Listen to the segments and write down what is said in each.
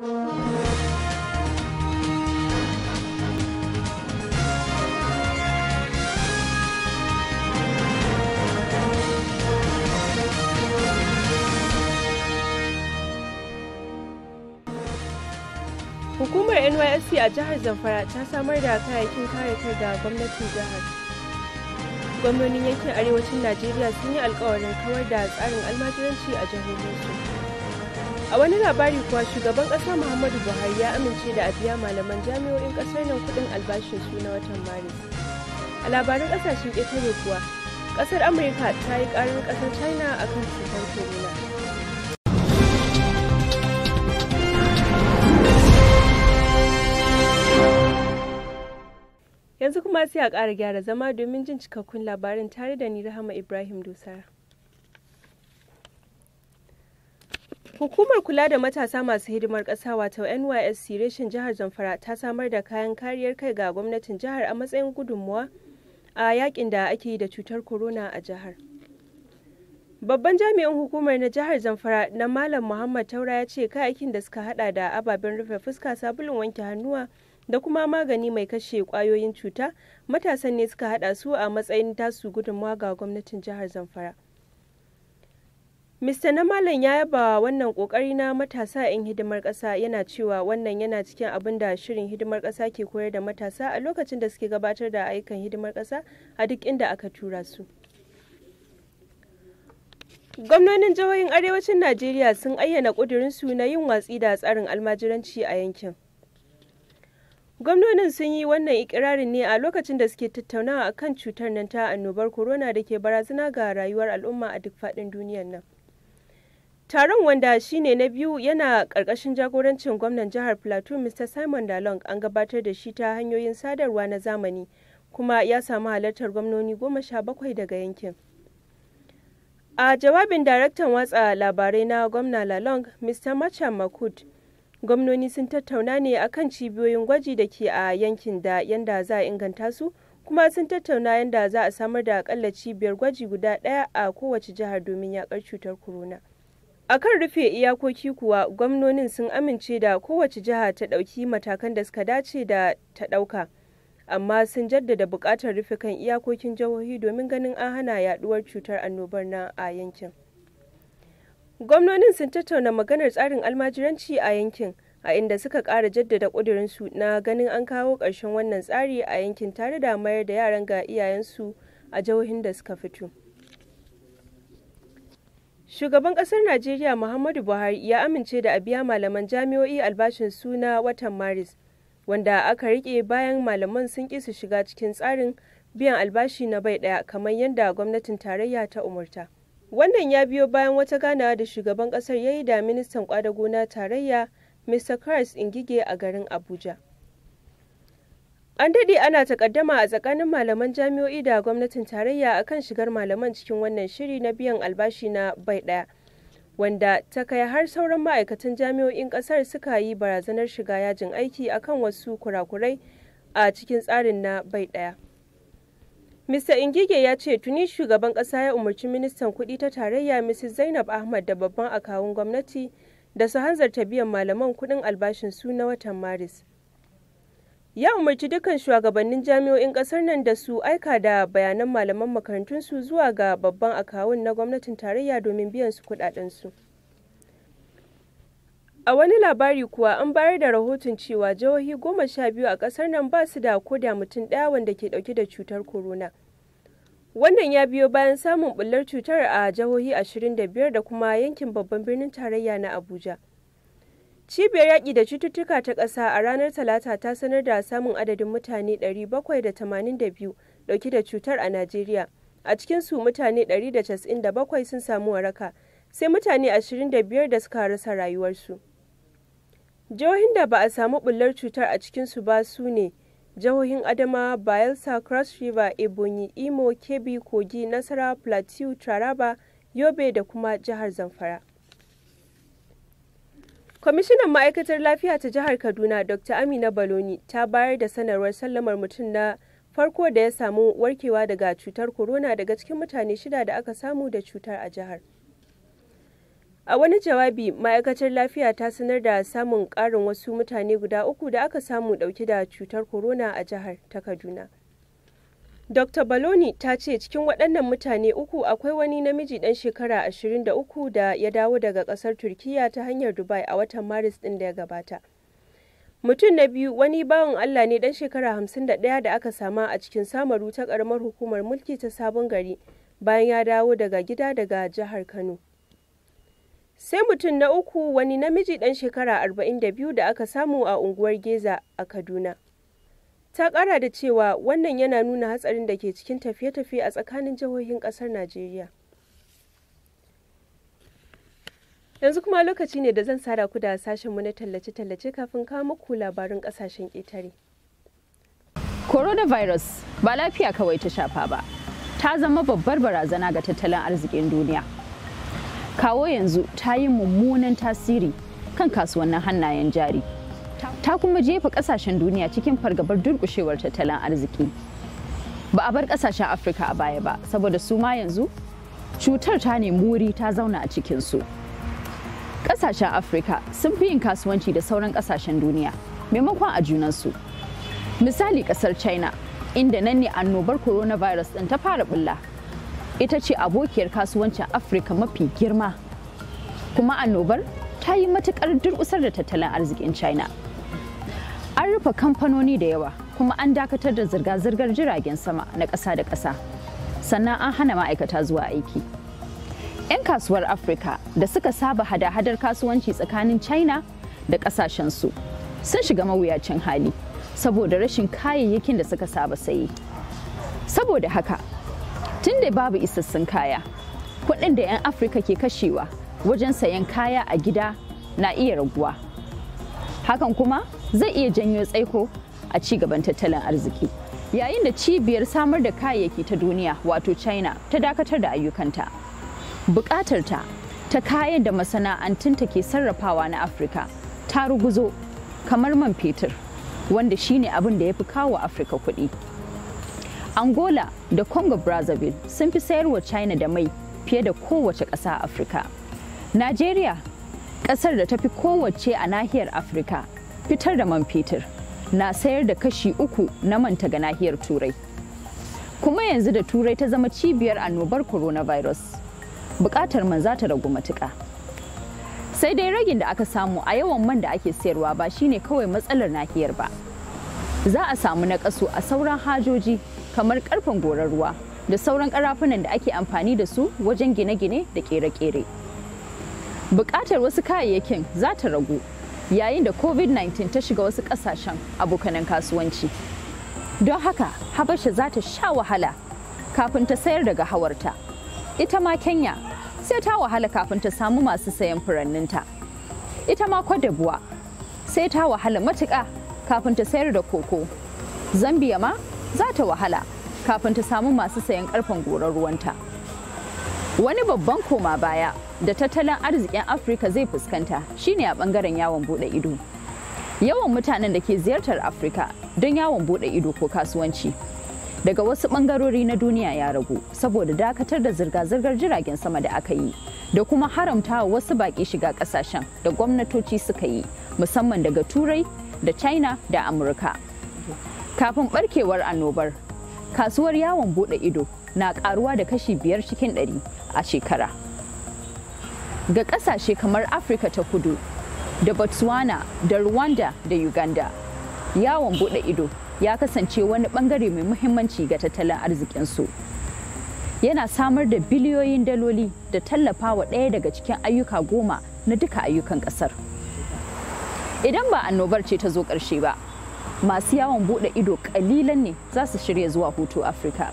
hukumar nysc a jihar zamfara ta samar da kayayyakin kare kai ga gwamnatin jihar gwamnonin yankin arewacin najeriya sun yi alkawarin kawar da tsarin almajiranci a jihohinsu a wani labari kuwa shugaban kasa muhammadu buhari ya amince da a biya malaman jami'o'in kasar nan kudin albashinsu na watan maris a labarin kasashen ƙetare kuwa kasar amurka ta yi karin kasar china akan cutar corona yanzu kuma sai a ƙara gyara zama domin jin cikakkun labarin tare da ni rahama ibrahim dusar Hukumar kula da matasa masu hidimar ƙasa wato NYSC reshen jihar Zamfara ta samar da kayan kariyar kai ga gwamnatin jihar a matsayin gudunmuwa a yakin da ake yi da cutar corona a jihar. Babban jami'in hukumar na jihar Zamfara na Malam Muhammad Taura ya ce kayakin da suka hada da ababen rufe fuska sabulun wanke hannuwa da kuma magani mai kashe kwayoyin cuta matasan ne suka hada su a matsayin tasu gudunmuwa ga gwamnatin jihar Zamfara. Mr. Namalan ya yaba wannan kokari na matasa 'yan hidimar ƙasa yana cewa wannan yana cikin abin da shirin hidimar ƙasa ke koyar da matasa a lokacin da suke gabatar da ayyukan hidimar ƙasa a duk inda aka tura su. Gwamnonin jihohin Arewacin Najeriya sun ayyana su na yin watsi da tsarin almajiranci a yankin. Gwamnonin sun yi wannan ikirarin ne a lokacin da suke tattaunawa akan cutar nan ta annobar corona da ke barazana ga rayuwar al'umma a duk faɗin duniyar nan. Taron wanda shine na biyu yana ƙarƙashin jagorancin gwamnan jihar Plateau Mr. Simon Dalong an gabatar da shi ta hanyoyin sadarwa na zamani kuma ya samu halartar gwamnoni goma sha bakwai daga yankin. A jawabin daraktan watsa labarai na gwamna Lalong Mr. Macha Makud gwamnoni sun tattauna ne akan cibiyoyin gwaji da ke a yankin da yanda za a inganta su kuma sun tattauna yanda za a samar da akalla cibiyar gwaji guda ɗaya a kowace jihar domin yakar cutar corona. a kan rufe iyakoki kuwa gwamnonin sun amince da kowace jiha ta ɗauki matakan da suka dace da ta ɗauka amma sun jaddada buƙatar rufe kan iyakokin jihohi domin ganin an hana yaɗuwar cutar annobar na a yankin gwamnonin sun tattauna maganar tsarin almajiranci a yankin a inda suka kara jaddada ƙudurinsu na ganin an kawo ƙarshen wannan tsari a yankin tare da mayar da yaran ga iyayensu a jihohin da suka fito Shugaban ƙasar Najeriya Muhammadu Buhari ya amince da a biya malaman jami'o'i albashin suna watan Maris, wanda aka riƙe bayan malaman sun ƙi su shiga cikin tsarin biyan albashi na bai ɗaya kamar yadda gwamnatin tarayya ta umarta. Wannan ya biyo bayan wata ganawa da shugaban ƙasar ya yi da ministan kwadago na tarayya Mr. Chris Ingige a garin Abuja. An daɗe ana takaddama a tsakanin malaman jami'o'i da gwamnatin tarayya akan shigar malaman cikin wannan shiri na biyan albashi na bai ɗaya, wanda ta kai har sauran ma'aikatan jami'o'in ƙasar suka yi barazanar shiga yajin aiki akan wasu kurakurai a cikin tsarin na bai ɗaya. Mr Ingige ya ce tuni shugaban ƙasa ya umarci ministan kuɗi ta tarayya Mrs. Zainab Ahmad da babban akawun gwamnati da su hanzarta biyan malaman kuɗin albashin su na watan Maris. ya umarci dukkan shugabannin jami'o'in kasar nan da su aika da bayanan malaman makarantunsu zuwa ga babban akawun na gwamnatin tarayya domin biyan su su. a wani labari kuwa an bayar da rahoton cewa jihohi goma sha biyu a kasar nan ba su da ko da mutum ɗaya wanda ke ɗauke da cutar corona wannan ya biyo bayan samun bullar cutar a jihohi biyar da kuma yankin babban birnin tarayya na abuja Cibiyar Yaƙi da Cututtuka ta Ƙasa a ranar Talata ta sanar da samun adadin mutane 782 ɗauki da cutar a Najeriya. A cikin su mutane 197 sun samu waraka, sai mutane 25 da suka rasa rayuwarsu. Jihohin da ba a samu bullar cutar a cikin su ba su ne jihohin Adama, Bayelsa, Cross River, Ebonyi, Imo, Kebbi, Kogi, Nasara, Plateau, Taraba, Yobe da kuma jihar Zamfara. kwamishinan ma'aikatar lafiya ta jihar kaduna dr amina baloni ta bayar da sanarwar sallamar mutum na farko da ya samu warkewa daga cutar corona daga cikin mutane shida da aka samu da cutar a jihar a wani jawabi ma'aikatar lafiya ta sanar da samun ƙarin wasu mutane guda uku da aka samu ɗauke da cutar corona a jihar ta kaduna Dr. Baloni ta ce cikin waɗannan mutane uku akwai wani namiji ɗan shekara 23 da ya dawo daga ƙasar Turkiyya ta hanyar Dubai a watan Maris ɗin da ya gabata. Mutum na biyu wani bawon Allah ne ɗan shekara 51 da aka sama a cikin samaru ta ƙaramar hukumar mulki ta sabon gari bayan ya dawo daga gida daga jihar Kano. Sai mutum na uku wani namiji ɗan shekara 42 da aka samu a unguwar Geza a Kaduna. ta kara da cewa wannan yana nuna hatsarin da ke cikin tafiye-tafiye a tsakanin jihohin kasar najeriya yanzu kuma lokaci ne da zan sada ku da sashenmu na tallace-tallace kafin kawo muku labarin kasashen ƙetare coronavirus ba lafiya kawai ta shafa ba ta zama babbar barazana ga tattalin arzikin duniya kawo yanzu ta yi mummunan tasiri kan kasuwannin hannayen jari. ta kuma jefa kasashen duniya cikin fargabar durkushewar tattalin arziki ba a bar kasashen afirka a baya ba saboda su ma yanzu cutar ta ne wuri ta zauna a cikinsu kasashen afirka sun fi yin kasuwanci da sauran kasashen duniya maimakon a junansu misali kasar china inda nan ne annobar coronavirus ɗin ta fara bulla ita ce abokiyar kasuwancin afirka mafi girma kuma annobar ta yi matukar durkusar da tattalin arzikin china an rufe kamfanoni da yawa kuma an dakatar da zirga-zirgar jiragen sama na ƙasa da ƙasa sannan an hana ma'aikata zuwa aiki 'yan kasuwar afirka da suka saba hada-hadar kasuwanci tsakanin china da ƙasashensu sun shiga mawuyacin hali saboda rashin kayayyakin da suka saba saye. saboda haka tun da babu isassun kaya kudin da 'yan afirka ke kashewa wajen sayan kaya a gida na iya raguwa hakan kuma zai iya janyo tsaiko a ci gaban tattalin arziki yayin da cibiyar samar da kayayyaki ta duniya wato china ta dakatar da ayyukanta bukatar ta ta kayan da masana'antunta ke sarrafawa na afirka ta ruguzo kamar man fetur wanda shine abin da ya fi kawo afirka kuɗi angola da congo brazzaville sun fi sayarwa china da mai fiye da kowace ƙasa afirka nigeria ƙasar da ta fi kowace a nahiyar afirka fitar da man fetur na sayar da kashi uku na manta ga nahiyar turai kuma yanzu da turai ta zama cibiyar annobar coronavirus bukatar man za ta ragu matuka. sai dai ragin da aka samu a yawan man da ake sayarwa ba shine kawai matsalar nahiyar ba za a samu naƙasu a sauran hajoji kamar karfin gorar ruwa da sauran karafunan da ake amfani da su wajen gine-gine da kere-kere bukatar wasu kayayyakin za ta ragu yayin da covid-19 ta shiga wasu kasashen abokanan kasuwanci don haka habasha za ta sha wahala kafin ta sayar daga hawarta ita ma kenya sai ta wahala kafin ta samu masu sayan furanninta ita ma kwadabuwa sai ta wahala matuƙa kafin ta sayar da koko zambia ma za ta wahala kafin ta samu masu sayan karfen goron ruwanta wani babban koma baya da tattalin arzikin afirka zai fuskanta shine a bangaren yawon bude ido yawan mutanen da ke ziyartar afirka don yawon bude ido ko kasuwanci daga wasu bangarori na duniya ya ragu saboda dakatar da zirga-zirgar jiragen sama da aka yi da kuma haramta wasu baƙi shiga ƙasashen da gwamnatoci suka yi musamman daga turai da china da amurka kafin barkewar annobar kasuwar yawon bude ido na karuwa da kashi biyar cikin ɗari a shekara ga ƙasashe kamar Afirka ta kudu da Botswana da Rwanda da Uganda. Yawon buɗe ido ya kasance wani ɓangare mai muhimmanci ga tattalin arzikinsu. Yana samar da biliyoyin daloli da tallafawa ɗaya daga cikin ayyuka goma na duka ayyukan ƙasar. Idan ba annobar ce ta zo ƙarshe ba, masu yawon buɗe ido ƙalilan ne za su shirya zuwa hutu Afirka.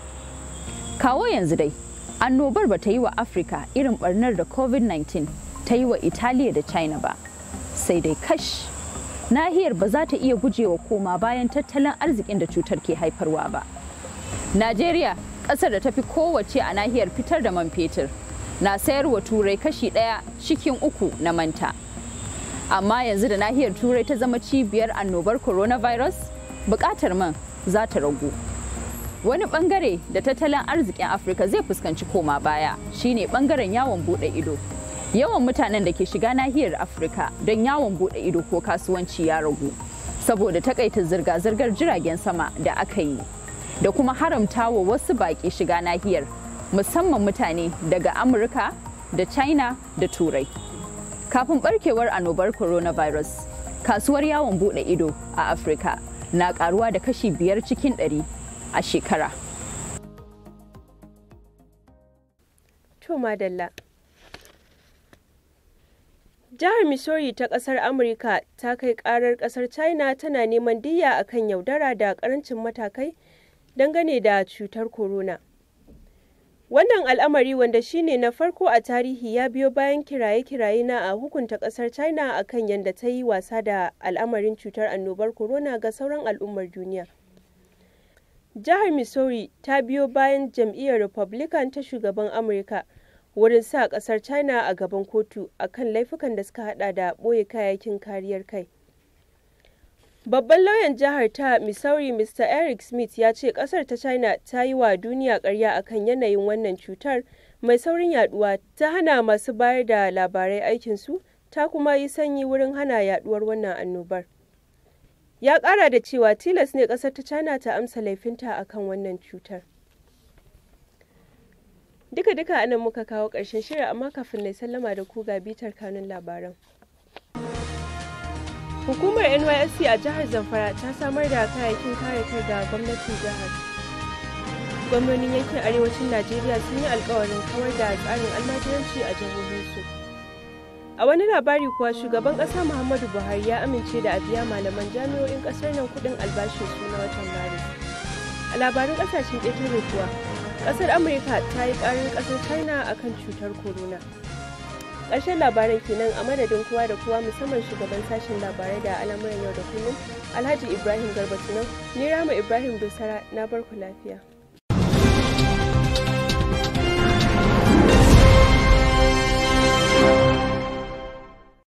Kawo yanzu dai, annobar ba ta yi wa afirka irin barnar da covid-19 ta yi wa italiya da china ba sai dai kash nahiyar ba za ta iya gujewa koma bayan tattalin arzikin da cutar ke haifarwa ba nigeria kasar da ta fi kowace a nahiyar fitar da man fetur na sayar wa turai kashi daya cikin uku na manta amma yanzu da nahiyar turai ta zama cibiyar annobar coronavirus bukatar man za ta ragu wani bangare da tattalin arzikin afirka zai fuskanci koma baya shine bangaren yawon bude ido yawan mutanen da ke shiga nahiyar afirka don yawon bude ido ko kasuwanci ya ragu saboda takaita zirga-zirgar jiragen sama da aka yi da kuma haramtawa wasu baƙi shiga nahiyar musamman mutane daga amurka da china da turai kafin barkewar annobar coronavirus kasuwar yawon bude ido a afirka na karuwa da kashi biyar cikin ɗari a shekara. Jihar Missouri ta ƙasar Amurka ta kai ƙarar ƙasar China tana neman diyya akan yaudara da ƙarancin matakai dangane da cutar corona. Wannan al'amari wanda shine na farko a tarihi ya biyo bayan kiraye-kiraye na a hukunta ƙasar China a kan yadda ta yi wasa da al'amarin cutar annobar corona ga sauran al'ummar duniya. Jihar Missouri ta biyo bayan jam'iyyar Republican ta shugaban Amurka wurin sa kasar China a gaban kotu a kan laifukan da suka hada da ɓoye kayayyakin kariyar kai. Babban lauyan jihar ta Missouri Mr. Eric Smith ya ce kasar ta China ta yi wa duniya karya akan yanayin wannan cutar mai saurin yaduwa ta hana masu bayar da labarai aikinsu ta kuma yi sanyi wurin hana yaduwar wannan annobar. ya kara da cewa tilas ne kasar ta china ta amsa laifinta a kan wannan cutar duka duka anan muka kawo ƙarshen shirin amma kafin na sallama da ku ga bitar kanun labaran hukumar nysc a jihar zamfara ta samar da kayayyakin kare kai ga gwamnatin jihar gwamnonin yankin arewacin najeriya sun yi alkawarin kawar da tsarin almajiranci a jihohinsu a wani labari kuwa shugaban kasa muhammadu buhari ya amince da a biya malaman jami'o'in kasar nan kudin albashin su na watan maris a labarin kasashen ƙetare kuwa kasar amurka ta yi ƙarin kasar china akan cutar corona ƙarshen labaran kenan a madadin kowa da kowa musamman shugaban sashen labarai da al'amuran yau da kullum alhaji ibrahim Garba sunan ni rama ibrahim dosara na barku lafiya